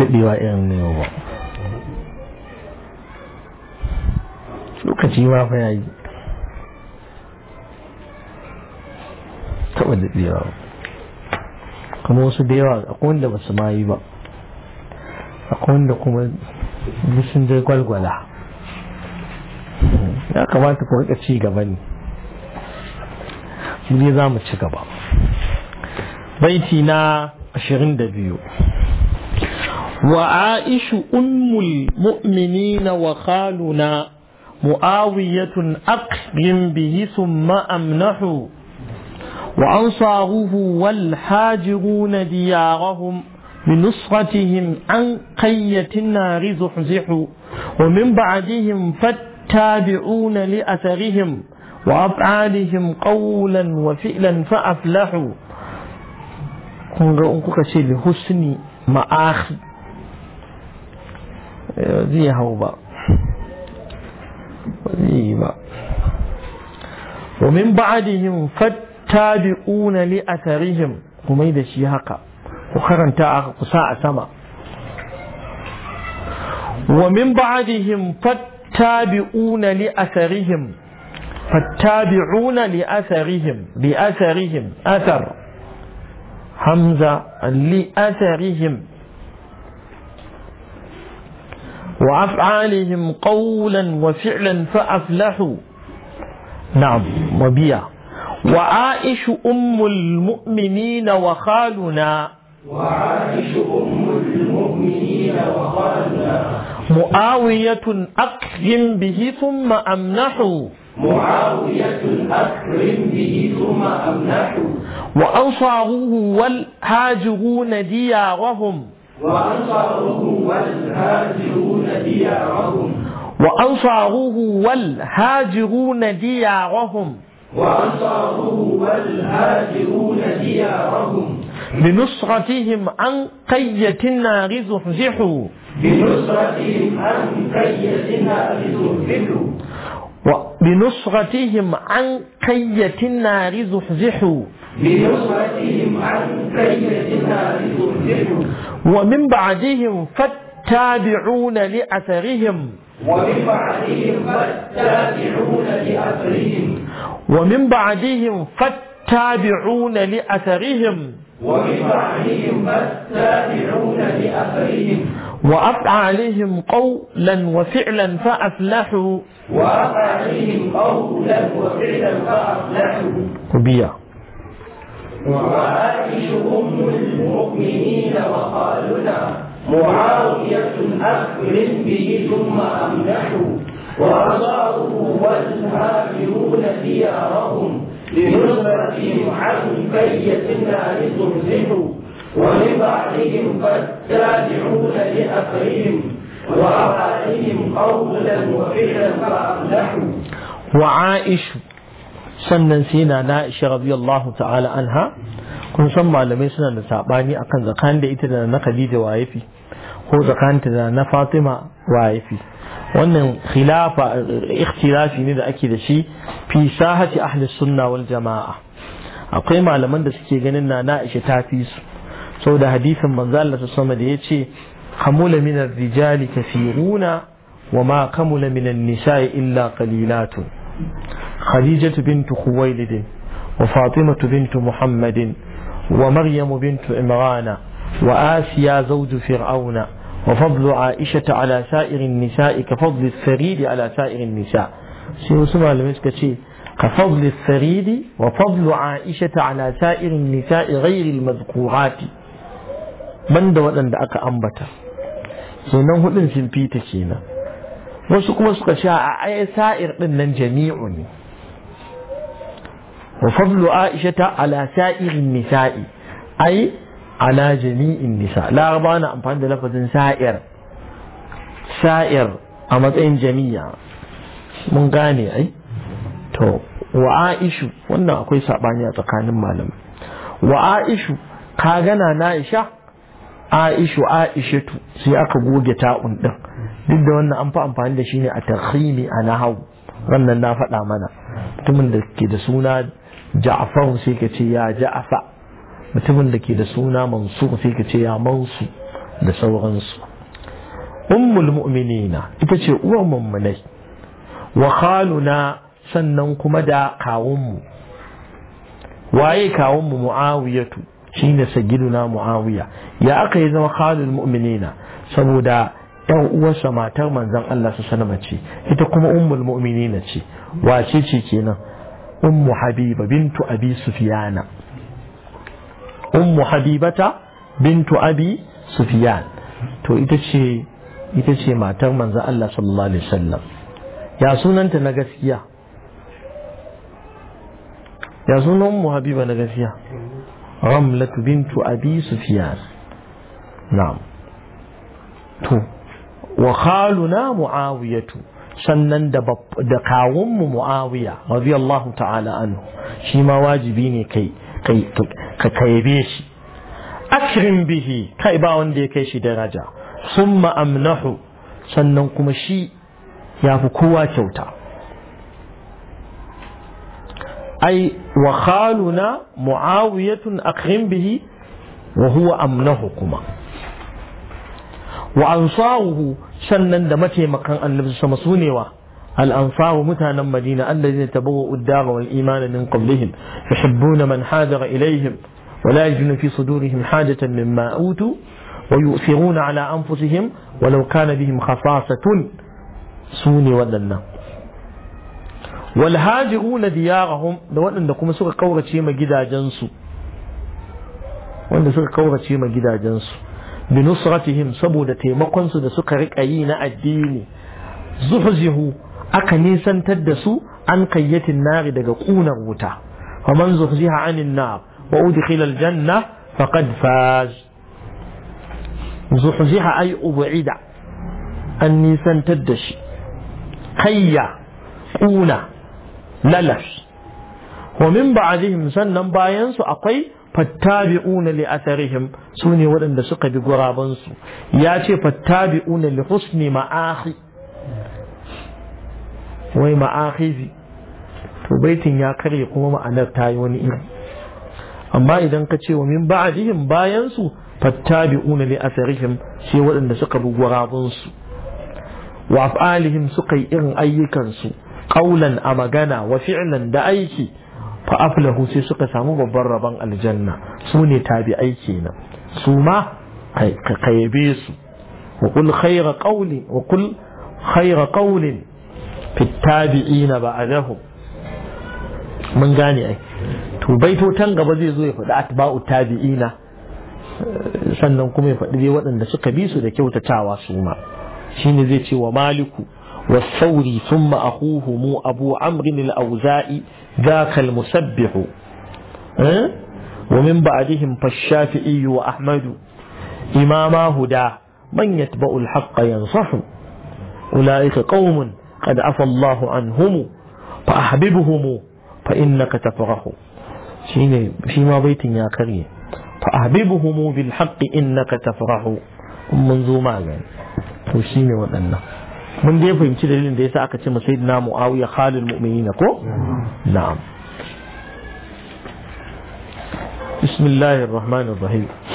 daɗewa irin ne ba lokaci ma fa yayi taɓa daɗewa kuma wasu da yawa akwai wanda ba su ma yi ba akwai wanda kuma sun dai gwalgwala ya kamata ku rika ci gaba ne mu za mu ci gaba baiti na 22 وعائش أم المؤمنين وخالنا معاوية أقلم به ثم أمنح وأنصاره والحاجرون ديارهم بنصرتهم عن قية النار زحزحوا ومن بعدهم فالتابعون لأثرهم وأفعالهم قولا وفعلا فأفلحوا kun ga in kuka ce li ذي هوبا ذيبا ومن بعدهم فتابعون لأثرهم كميدة شيهاكا وخرن تاعك قساء سما ومن بعدهم فتابعون لأثرهم فتابعون لأثرهم بأثرهم أثر همزة لأثرهم وأفعالهم قولا وفعلا فأفلحوا نعم وبيع وعائش أم المؤمنين وخالنا وعائش أم المؤمنين وخالنا معاوية أكرم به ثم أمنحوا معاوية أكرم به ثم أمنحوا وأنصاره والهاجرون ديارهم وأنصاره والهاجرون ديارهم وأنصاره والهاجرون ديارهم وأنصاره والهاجرون ديارهم بنصرتهم عن قية النار زحزحوا بنصرتهم عن قية النار زحزحوا بنصرتهم عن قية النار زحزحوا بنصرتهم عن قية النار زحزحوا ومن بعدهم فالتابعون لأثرهم ومن بعدهم فالتابعون لأثرهم ومن بعدهم فالتابعون تابعون لأثرهم وبفعلهم التابعون لأثرهم وأبع عليهم قولا وفعلا فأفلحوا وأطع عليهم قولا وفعلا فأفلحوا وبيا وعائشهم أم المؤمنين وقالنا نعم. معاوية أكرم به ثم أمنحوا وأصابوا والهاجرون ديارهم لنصرتهم عنه كي يتم لتمزحوا ولبعضهم قد تابعون لأخيهم وأعليهم قولا وفعلا فأفلحوا وعائش sannan sai na na ishe radiyallahu ta'ala anha kun san malamai suna da sabani akan zakan da ita da na Khadija wa yafi ko zakanta da na Fatima wa yafi wannan khilafa ikhtilafi ne da ake da shi fi sahati ahli sunna wal jama'a akwai malaman da suke ganin na na ishe tafi su saboda hadisin manzo Allah ta sama da yace kamula min ar-rijali kathiruna wa ma kamula min an-nisa'i illa qalilatun khadijatu bint khuwaylid wa fatimatu bint muhammadin wa maryamu bint imrana wa asiya zawju fir'auna وفضل عائشة على سائر النساء كفضل الثريد على سائر النساء سيو سمع المسكة كفضل الثريد وفضل عائشة على سائر النساء غير المذكورات من دو أن دعك أكا أنبتا سنن هدن سنفيتا كينا وسكم وسك شاء أي سائر من جميع وفضل عائشة على سائر النساء أي ala jami'in nisa ba na amfani da lafazin sa'ir sa'ir a matsayin jami'a mun gane ai to wa aishu wannan akwai sabani a tsakanin malamai wa aishu ka gana na isha aishu aishatu sai aka goge ta'un din duk da wannan an fi amfani da shi ne a tarhimi a nahau wannan na faɗa mana mutumin da ke da suna ja'afar sai ka ce ya ja'afa. mutumin da ke da suna mansur sai ka ce ya mansu da sauransu ummul mu'minina ita ce uwar mummunai wa khaluna sannan kuma da kawunmu waye kawunmu mu'awiyatu shine sagiduna mu'awiya ya aka yi zama khalul mu'minina saboda yan uwarsa matar manzon Allah su sanama ce ita kuma ummul mu'minina ce wace ce kenan ummu habiba bintu abi sufyana ummu habibata bintu abi sufyan to ita ce ita ce matar manzon Allah sallallahu alaihi wasallam ya sunanta na gaskiya ya sunan ummu habiba na gaskiya ramlatu bintu abi sufyan na'am to wa khaluna muawiyatu sannan da kawunmu mu'awiya radiyallahu ta'ala anhu shi ma wajibi ne kai ka taibe shi akrim bihi kai ba wanda ya kai shi daraja summa amnahu sannan kuma shi ya fi kowa kyauta ai wa khaluna muawiyatun akrim bihi wa huwa amnahu kuma wa ansahu sannan da mataimakan annabi sama sunewa الأنصار متانا مدينة الذين تبوؤوا الدار والإيمان من قبلهم يحبون من حاذر إليهم ولا يجدون في صدورهم حاجة مما أوتوا ويؤثرون على أنفسهم ولو كان بهم خصاصة سوني ودنا والهاجرون ديارهم da أنكم kuma قورة kaurace جدا gidajensu wanda suka قورة ma جدا bi بنصرتهم saboda taimakon سكرك da الدين riƙa aka nisantar da su an kayyatin nari daga kunar wuta fa man zuhziha anin nar wa udkhila aljanna faqad faz zuhziha ay ubida an nisantar da shi kayya kuna lalas wa min ba'dihim sannan bayan su akwai fattabi'una li atharihim sune waɗanda suka bi gurabansu ya ce fattabi'una li husni ma'ahi wai ma'akhizi to baitin ya karye kuma ma'anar ta yi wani iri amma idan ka ce wa min ba'dihim bayan su fattabi'una li asarihim shi waɗanda suka bi gurabun su wa af'alihim suka yi irin ayyukan su qaulan a magana wa fi'lan da aiki fa aflahu sai suka samu babban rabon aljanna su ne tabi'ai kenan su ma ka yabe su wa qul khayra wa khayra qawlin fi tabi'ina ba'dahum mun gane ai to baitotan gaba zai zo ya faɗi atba'u tabi'ina sannan kuma ya faɗi dai waɗanda suka bi su da kyautatawa su ma shine zai ce wa maliku والثوري ثم أخوهم أبو عمرو الأوزائي ذاك المسبح أه؟ ومن بعدهم فالشافعي وأحمد إماما هدى من يتبع الحق ينصح أولئك قوم قد عفى الله عنهم فأحببهم فإنك تفرح في ماضي يا كري فأحببهم بالحق إنك تفرح منذ ما لن يعني؟ وشيني ودنا من دي فهم شي دليل دي ساكا شما سيدنا معاوية خال المؤمنين كو نعم بسم الله الرحمن الرحيم